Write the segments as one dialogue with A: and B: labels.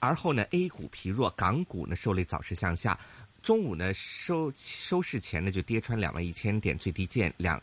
A: 而後呢，A 股疲弱，港股呢受累早市向下，中午呢收收市前呢就跌穿兩萬一千點，最低見兩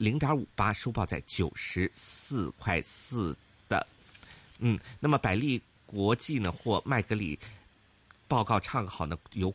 A: 零點五八，收報在九十四塊四的。嗯，那麼百麗國際呢，或麥格里報告唱好呢？有。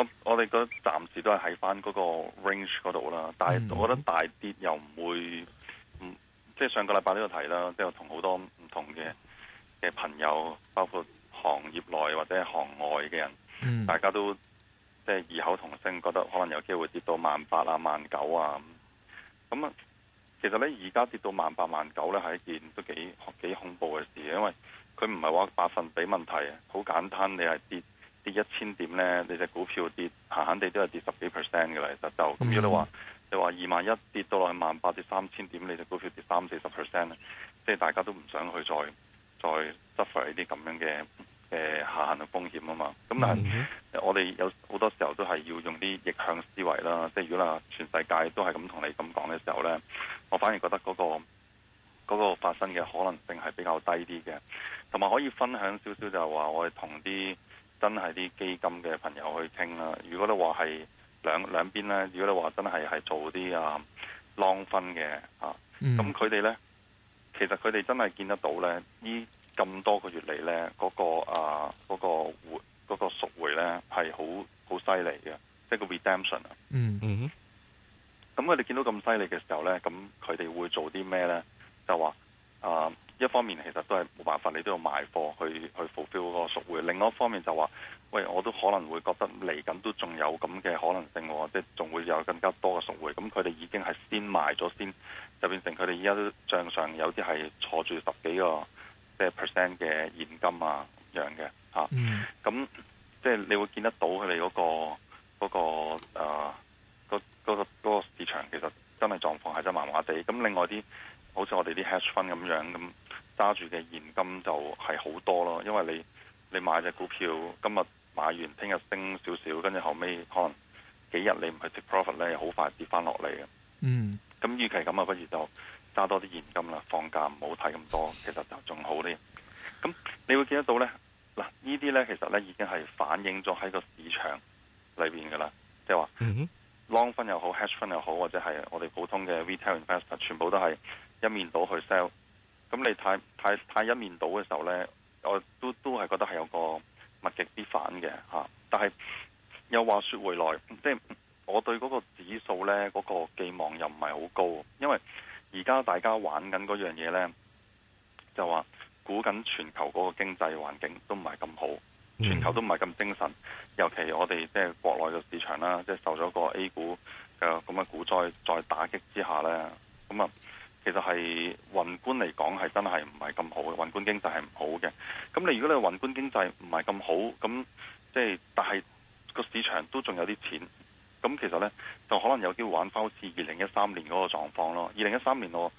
B: 我我哋覺得暫時都係喺翻嗰個 range 嗰度啦，但係我覺得大跌又唔會，嗯、即係上個禮拜呢個題啦，即係同好多唔同嘅嘅朋友，包括行業內或者行外嘅人，嗯、大家都即係異口同聲，覺得可能有機會跌到萬八啊、萬九啊。咁、嗯、啊，其實咧而家跌到萬八萬九咧，係一件都幾幾恐怖嘅事，因為佢唔係話百分比問題啊，好簡單，你係跌。跌一千點咧，你隻股票跌，閒閒地都係跌十幾 percent 嘅啦，的其實就咁。嗯、哼如果你話，你話二萬一跌到落去萬八，跌三千點，你隻股票跌三四十 percent 咧，即係大家都唔想去再再 suffer 呢啲咁樣嘅誒、呃、下行嘅風險啊嘛。咁但係、嗯、哼我哋有好多時候都係要用啲逆向思維啦。即係如果話全世界都係咁同你咁講嘅時候咧，我反而覺得嗰、個嗰、個發生嘅可能性係比較低啲嘅，同埋可以分享少少就係話我哋同啲。真係啲基金嘅朋友去傾啦。如果你話係兩兩邊咧，如果你話真係係做啲啊 long 分嘅啊，咁佢哋咧，其實佢哋真係見得到咧，呢咁多個月嚟咧，嗰個啊嗰個回嗰個贖回咧係好好犀利嘅，即係個 redemption、嗯、哼啊。嗯
C: 嗯。
B: 咁佢哋見到咁犀利嘅時候咧，咁佢哋會做啲咩咧？就話啊。一方面其實都係冇辦法，你都要賣貨去去 fulfill 個贖回。另外一方面就話，喂，我都可能會覺得嚟緊都仲有咁嘅可能性，即係仲會有更加多嘅贖回。咁佢哋已經係先賣咗先，就變成佢哋而家都帳上有啲係坐住十幾個即係 percent 嘅現金啊樣嘅嚇。咁即係你會見得到佢哋嗰個嗰、嗰個誒嗰、呃嗰個嗰個嗰個、市場其實真係狀況係真麻麻地。咁另外啲。好似我哋啲 hedge fund 咁樣，咁揸住嘅現金就係好多咯。因為你你買隻股票，今日買完，聽日升少少，跟住後尾可能幾日你唔去 take profit 咧，好快跌翻落嚟嘅。嗯。咁預期咁啊，不如就揸多啲現金啦，放假唔好睇咁多，其實就仲好啲。咁你會見得到咧？嗱，呢啲咧其實咧已經係反映咗喺個市場裏邊噶啦，即係話 long fund 又好、嗯、hedge fund 又好，或者係我哋普通嘅 retail investor，全部都係。一面倒去 sell，咁你太太太一面倒嘅時候呢，我都都係覺得係有個物極必反嘅吓、啊。但係又話說回來，即係我對嗰個指數呢嗰個寄望又唔係好高，因為而家大家玩緊嗰樣嘢呢，就話估緊全球嗰個經濟環境都唔係咁好，全球都唔係咁精神，尤其我哋即係國內嘅市場啦，即係受咗個 A 股嘅咁嘅股災再打擊之下呢，咁啊～其實係宏觀嚟講係真係唔係咁好嘅，宏觀經濟係唔好嘅。咁你如果你宏觀經濟唔係咁好，咁即係但係個市場都仲有啲錢，咁其實呢，就可能有機會玩翻好似二零一三年嗰個狀況咯。二零一三年我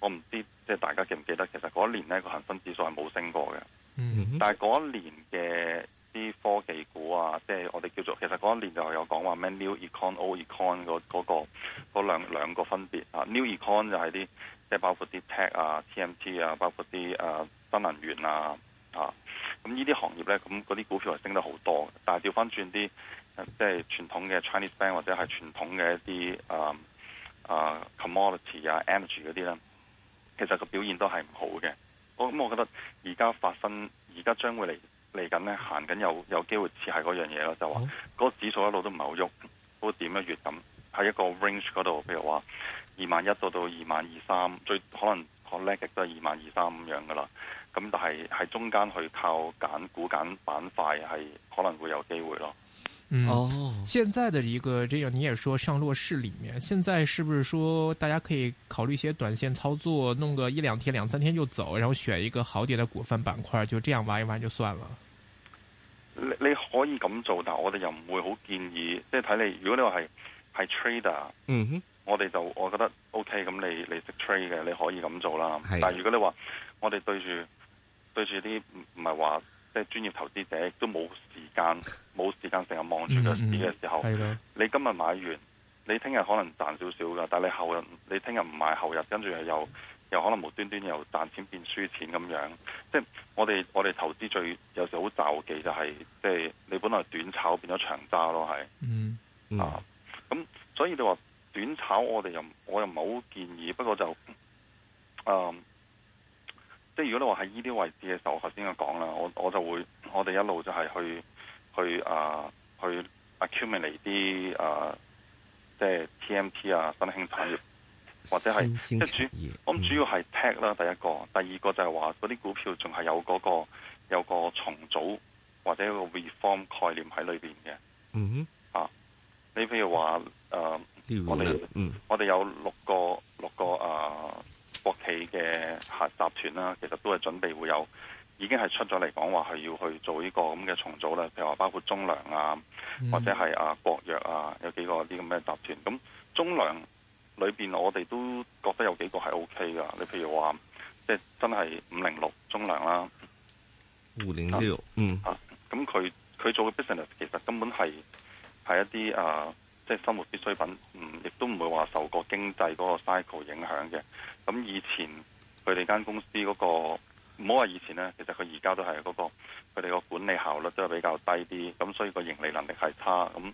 B: 我唔知即係大家記唔記得，其實嗰一年呢個恒生指數係冇升過嘅，嗯、哼但係嗰一年嘅。啲科技股啊，即係我哋叫做，其實嗰一年就有講話咩 new econ old econ 嗰嗰、嗰個嗰兩個分別啊，new econ 就係啲即係包括啲 tech 啊、TMT 啊，包括啲誒、啊、新能源啊，嚇咁呢啲行業咧，咁嗰啲股票係升得好多，但係調翻轉啲即係傳統嘅 Chinese bank 或者係傳統嘅一啲誒誒、啊啊、commodity 啊、energy 嗰啲咧，其實個表現都係唔好嘅。我咁，我覺得而家發生，而家將會嚟。嚟緊咧行緊有有機會似係嗰樣嘢囉，就話嗰個、嗯、指數一路都唔係好喐，都點一月咁喺一個 range 嗰度，譬如話二萬一到到二萬二三，最可能好叻嘅都係二萬二三咁樣㗎喇。咁但係喺中間去靠揀股揀板塊係可能會有機會囉。哦，嗯 oh.
C: 現在的一個這樣，你也說上落市裏面，現在是不是說大家可以考慮一些短線操作，弄個一兩天、兩三天就走，然後選一個好點的股份板塊，就這樣玩一玩就算了。
B: 你你可以咁做，但我哋又唔會好建議，即係睇你。如果你話係係 trader，嗯哼，er, mm hmm. 我哋就我覺得 OK，咁你你食 trade 嘅，你可以咁做啦。Hey. 但係如果你話我哋對住對住啲唔係話。即係專業投資者都冇時間，冇時間成日望住個市嘅時候，嗯嗯你今日買完，你聽日可能賺少少噶，但係後日你聽日唔買，後日跟住又又可能無端端又賺錢變輸錢咁樣。即係我哋我哋投資最有時好就忌就係、是、即、就、係、是、你本來短炒變咗長揸咯，係、嗯嗯、啊。咁所以你話短炒我，我哋又我又唔好建議，不過就、嗯即係如果你話喺呢啲位置嘅時候，我頭先我講啦，我我就會我哋一路就係去去啊、uh, 去 accumulate 啲啊即係 TMT 啊，新興產業，興業或者係即係主，嗯、我唔主要係 tech 啦，第一個，第二個就係話嗰啲股票仲係有嗰、那個有個重組或者一個 reform 概念喺裏邊嘅。嗯啊，你譬如話誒，呃、我哋們、嗯、我哋有六個六個啊。國企嘅集團啦，其實都係準備會有，已經係出咗嚟講話係要去做呢個咁嘅重組啦。譬如話包括中糧啊，或者係啊國藥啊，有幾個啲咁嘅集團。咁中糧裏邊，我哋都覺得有幾個係 O K 噶。你譬如話，即係真係五零六中糧啦，
A: 五零六，嗯，
B: 啊，咁佢佢做嘅 business 其實根本係係一啲啊。即係生活必需品，嗯，亦都唔會話受個經濟嗰個 cycle 影響嘅。咁以前佢哋間公司嗰個，唔好話以前咧，其實佢而家都係嗰個，佢哋個管理效率都係比較低啲，咁所以個盈利能力係差。咁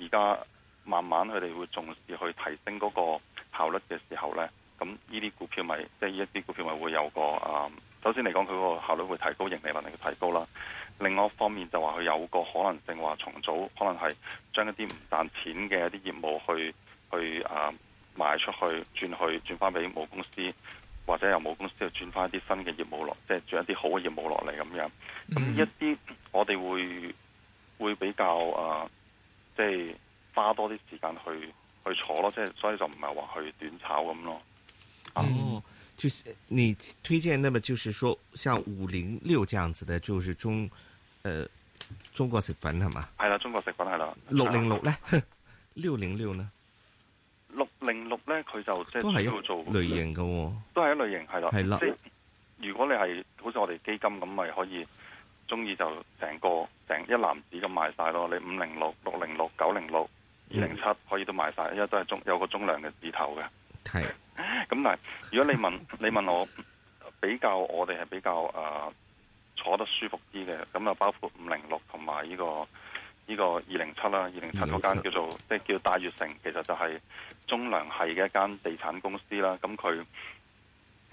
B: 而家慢慢佢哋會重視去提升嗰個效率嘅時候咧，咁呢啲股票咪，即係呢一啲股票咪會有個啊。首先嚟講，佢個效率會提高，盈利能力嘅提高啦。另外一方面就話佢有個可能性話重組，可能係將一啲唔賺錢嘅一啲業務去去啊賣出去，轉去轉翻畀母公司，或者由母公司去轉翻一啲新嘅業務落，即係轉一啲好嘅業務落嚟咁樣。咁一啲我哋會會比較啊，即係花多啲時間去去坐咯，即係所以就唔係話去短炒咁咯。嗯。
A: Um, 就是你推薦，那麼就是說，像五零六這樣子的，就是中，呃，中國食品係嘛？
B: 係啦，中國食品係啦。
A: 六零六咧，六零六呢？
B: 六零六呢？佢就即係一個做類
A: 型嘅。都
B: 係一類型係咯，哦。係啦，的的即如果你係好似我哋基金咁，咪可以中意就成個成一籃子咁賣晒咯。你五零六、六零六、九零六、二零七可以都賣晒，因為、嗯、都係中有個中量嘅字頭嘅。係，咁但係如果你問你問我比較，我哋係比較誒、呃、坐得舒服啲嘅，咁啊包括五零六同埋呢個呢個二零七啦，二零七嗰間叫做 20 4. 即係叫大悅城，其實就係中糧系嘅一間地產公司啦。咁佢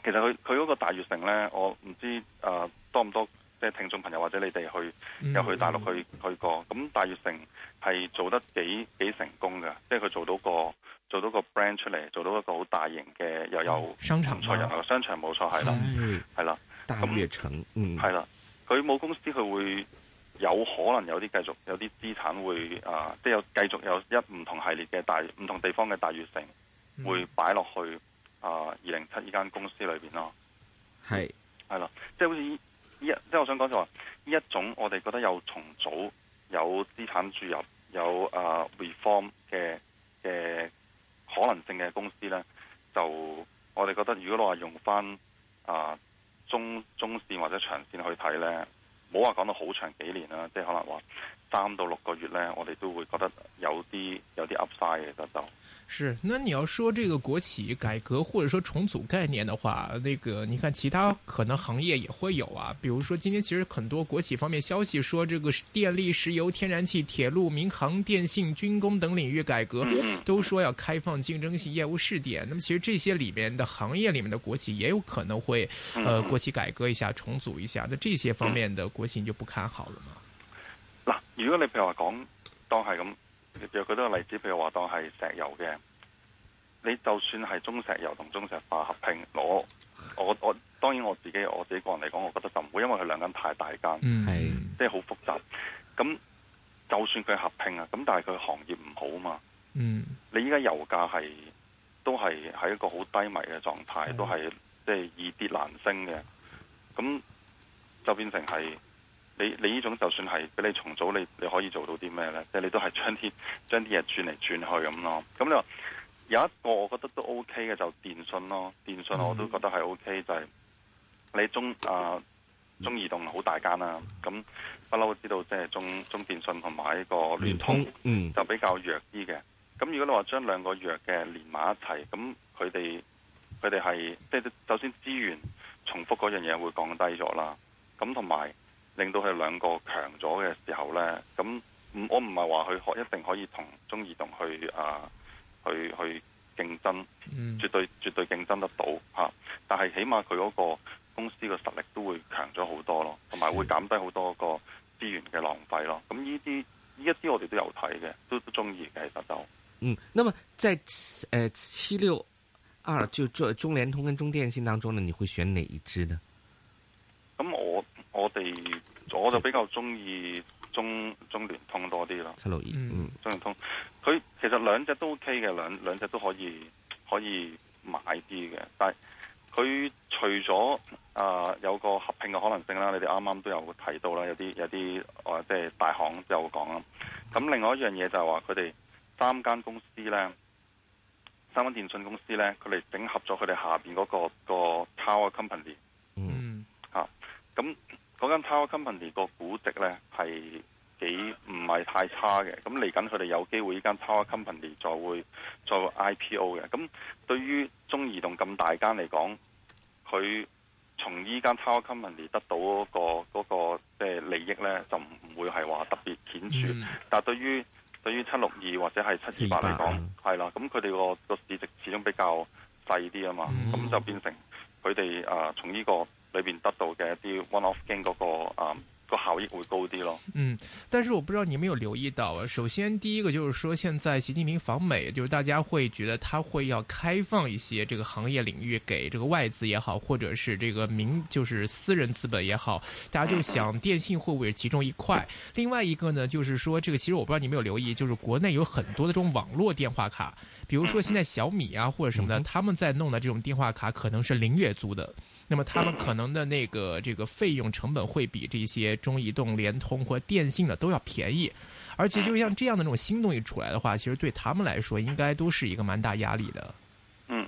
B: 其實佢佢嗰個大悅城呢，我唔知誒、呃、多唔多即係聽眾朋友或者你哋去有去大陸去去過。咁大悅城係做得幾幾成功嘅，即係佢做到個。做到一個 brand 出嚟，做到一個好大型嘅又有人才，有個商場冇、啊、錯係啦，係啦，的的
A: 大悅城，那嗯，係
B: 啦，佢母公司佢會有可能有啲繼續有啲資產會啊、呃，即係有繼續有一唔同系列嘅大唔同地方嘅大悅城會擺落去啊二零七呢間公司裏邊咯，係係啦，即係好似呢一，即係我想講就話呢一種我哋覺得有重組、有資產注入、有啊 reform 嘅。呃 re 可能性嘅公司咧，就我哋覺得，如果你話用翻啊中中線或者長線去睇咧，冇話講到好長幾年啦，即係可能話。三到六個月呢，我哋都會覺得有啲有啲 Upside 嘅，等等。
C: 是，那你要說這個國企改革或者說重組概念的話，那個你看其他可能行業也會有啊，比如說今天其實很多國企方面消息說，這個電力、石油、天然氣、鐵路、民航、電信、軍工等領域改革，都說要開放競爭性業務試點。那麼其實這些裏面的行業裏面的國企也有可能會，呃，國企改革一下、重組一下。那這些方面的國企，你就不看好了嗎？
B: 如果你譬如話講，當係咁，譬如舉多個例子，譬如話當係石油嘅，你就算係中石油同中石化合併，我我我，當然我自己我自己個人嚟講，我覺得就唔會，因為佢兩間太大間，係、嗯，即係好複雜。咁、嗯、就算佢合併啊，咁但係佢行業唔好啊嘛。嗯，你依家油價係都係喺一個好低迷嘅狀態，嗯、都係即係易跌難升嘅。咁就變成係。你你呢種就算係俾你重組，你你可以做到啲咩呢？即係你都係將啲將啲嘢轉嚟轉去咁咯。咁你話有一個我覺得都 OK 嘅就電信咯，電信我都覺得係 OK，就係你中啊中移動好大間啦啊。咁不嬲知道即係中中電信同埋一個聯通，嗯，就比較弱啲嘅。咁如果你話將兩個弱嘅連埋一齊，咁佢哋佢哋係即係首先資源重複嗰樣嘢會降低咗啦。咁同埋。令到佢兩個強咗嘅時候咧，咁我唔係話佢可一定可以同中移動去啊去去競爭，絕對絕對競爭得到吓，啊。但係起碼佢嗰個公司嘅實力都會強咗好多咯，同埋會減低好多個資源嘅浪費咯。咁呢啲呢一啲我哋都有睇嘅，都都中意嘅，其實就嗯。
A: 咁啊，即係誒，七六二啊，就中聯通跟中電信當中呢，你會選哪一支呢？
B: 咁我我哋。我就比較中意中中聯通多啲咯，七六二，中聯通，佢其實兩隻都 OK 嘅，兩兩隻都可以可以買啲嘅。但係佢除咗啊、呃、有個合併嘅可能性啦，你哋啱啱都有提到啦，有啲有啲啊即係大行都有講啦。咁另外一樣嘢就係話佢哋三間公司咧，三間電信公司咧，佢哋整合咗佢哋下邊嗰、嗰個嗰個 Power Company，嗯，嚇咁、啊。嗰間 Tower Company 個估值咧係幾唔係太差嘅，咁嚟緊佢哋有機會依間 Tower Company 再會再 IPO 嘅。咁對於中移動咁大間嚟講，佢從依間 Tower Company 得到、嗰個嗰、嗰個即係利益咧，就唔會係話特別顯著。嗯、但係對於對於七六二或者係七二八嚟講，係啦 400,，咁佢哋個個市值始終比較細啲啊嘛，咁、嗯、就變成佢哋啊從呢、呢個。裏邊得到嘅一啲 one-off gain 嗰、那個啊、嗯、那個效益會高啲咯。嗯，
C: 但是我不知道你有沒有留意到啊。首先，第一個就是說，現在習近平訪美，就是大家會覺得他會要開放一些這個行業領域給這個外資也好，或者是這個民，就是私人資本也好。大家就想，電信會不會其中一塊？另外一個呢，就是說，這個其實我不知道你有沒有留意，就是國內有很多的這種網絡電話卡，比如說現在小米啊或者什麼的，嗯、他們在弄的這種電話卡可能是零月租的。那麼他們可能的那個這個費用成本會比這些中移動、聯通或電信的都要便宜，而且就像這樣的那種新東西出來的話，其實對他們來說應該都是一個蠻大壓力
A: 的。
B: 嗯，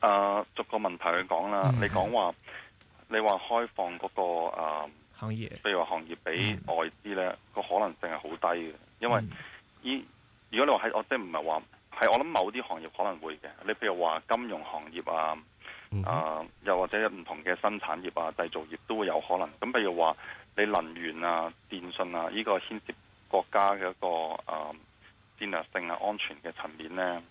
B: 啊，逐個問題去講啦。嗯、你講話，你話開放嗰、那個啊，呃、行業，譬如話行業比外資咧個、嗯、可能性係好低嘅，因為、嗯、如果你話喺我即係唔係話係，我諗某啲行業可能會嘅，你譬如話金融行業啊。嗯、啊，又或者唔同嘅新產業啊、製造業都會有可能。咁譬如話，你能源啊、電信啊，呢、呢個牽涉國家嘅一個啊戰略性啊安全嘅層面呢，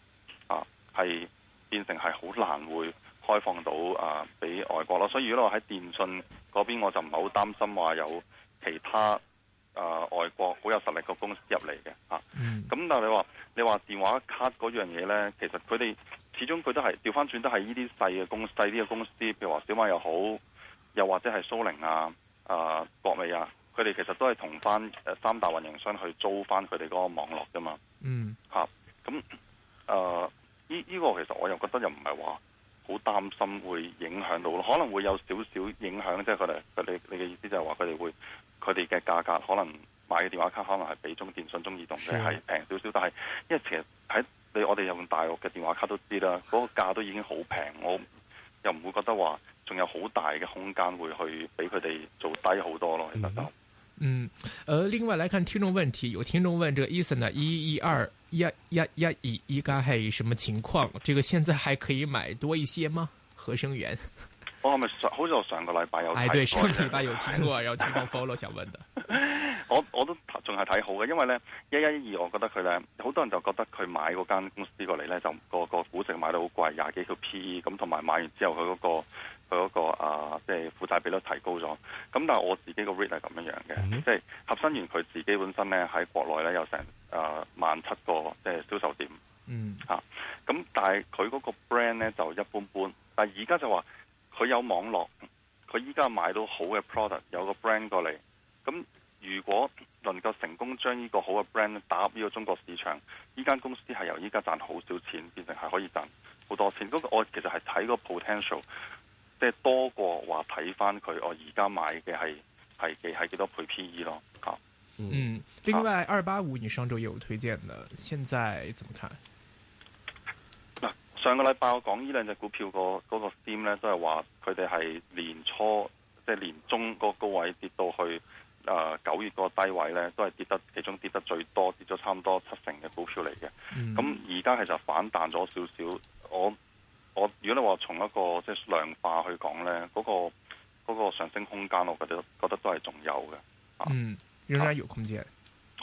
B: 啊係變成係好難會開放到啊俾外國咯。所以如果我喺電信嗰邊，我就唔係好擔心話有其他啊外國好有實力嘅公司入嚟嘅嚇。咁、啊嗯啊、但係你話你話電話卡嗰樣嘢呢，其實佢哋。始終佢都係調翻轉，都係呢啲細嘅公細啲嘅公司，譬如話小米又好，又或者係蘇寧啊、啊、呃、國美啊，佢哋其實都係同翻誒三大運營商去租翻佢哋嗰個網絡㗎嘛。嗯、啊，吓咁誒，呢、呃、呢、呢個其實我又覺得又唔係話好擔心會影響到咯，可能會有少少影響，即係佢哋佢你你嘅意思就係話佢哋會佢哋嘅價格可能買嘅電話卡可能係比中電信、中移動嘅係平少少，但係因為其實喺我哋用大陸嘅電話卡都知啦，嗰、那個價都已經好平，我又唔會覺得話仲有好大嘅空間會去俾佢哋做低好多咯，其實就嗯。嗯，
C: 呃另外嚟看聽眾問題，有聽眾問：這個 Eason 一一二一一一二依家係什麼情況？這個現在還可以買多一些嗎？合生元，
B: 我咪上，好似我上個禮拜有，哎，對，上個禮拜有聽過，然後 聽翻 follow 想問的。 我我都仲係睇好嘅，因為呢一一二，我覺得佢呢好多人就覺得佢買嗰間公司過嚟呢，就個個股值買得好貴，廿幾個 PE 咁，同埋買完之後佢嗰、那個佢、那個啊，即、就、係、是、負債比率提高咗。咁但係我自己個 rate 係咁樣嘅，即係、mm hmm. 合生元佢自己本身呢，喺國內呢有成、啊、萬七個即係、就是、銷售點。嗯咁、mm hmm. 啊、但係佢嗰個 brand 呢就一般般，但係而家就話佢有網絡，佢依家買到好嘅 product，有個 brand 過嚟。就成功將呢個好嘅 brand 打入呢個中國市場，呢間公司係由依家賺好少錢，變成係可以賺好多錢。嗰、嗰個我其實係睇個 potential，即係多過話睇返佢，我而家買嘅係係幾係幾多倍 PE 咯。嚇，嗯，
C: 另外二八五，你上週有推薦嘅，現在怎麼看？
B: 嗱，上個禮拜我講呢兩隻股票、個嗰個 theme 咧，都係話佢哋係年初即係年中嗰個高位跌到去。誒，九月嗰個低位咧，都係跌得其中跌得最多，跌咗差唔多七成嘅股票嚟嘅。咁而家其實反彈咗少少。我我如果你話從一個即係量化去講咧，嗰個嗰個上升空間，我覺得覺得都係仲有嘅。
C: 啊、嗯，原來有空間、
B: 啊，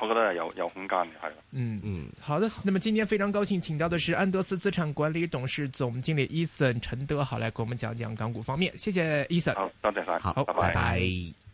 B: 我覺得係有有空間嘅，係咯。嗯嗯，
C: 好的。那麼今天非常高興，請到的是安德斯資產管理董事總經理 Ethan 陳德豪，好，來跟我們講講港股方面。謝謝 Ethan。
A: 好，多謝晒，好，拜拜。拜拜。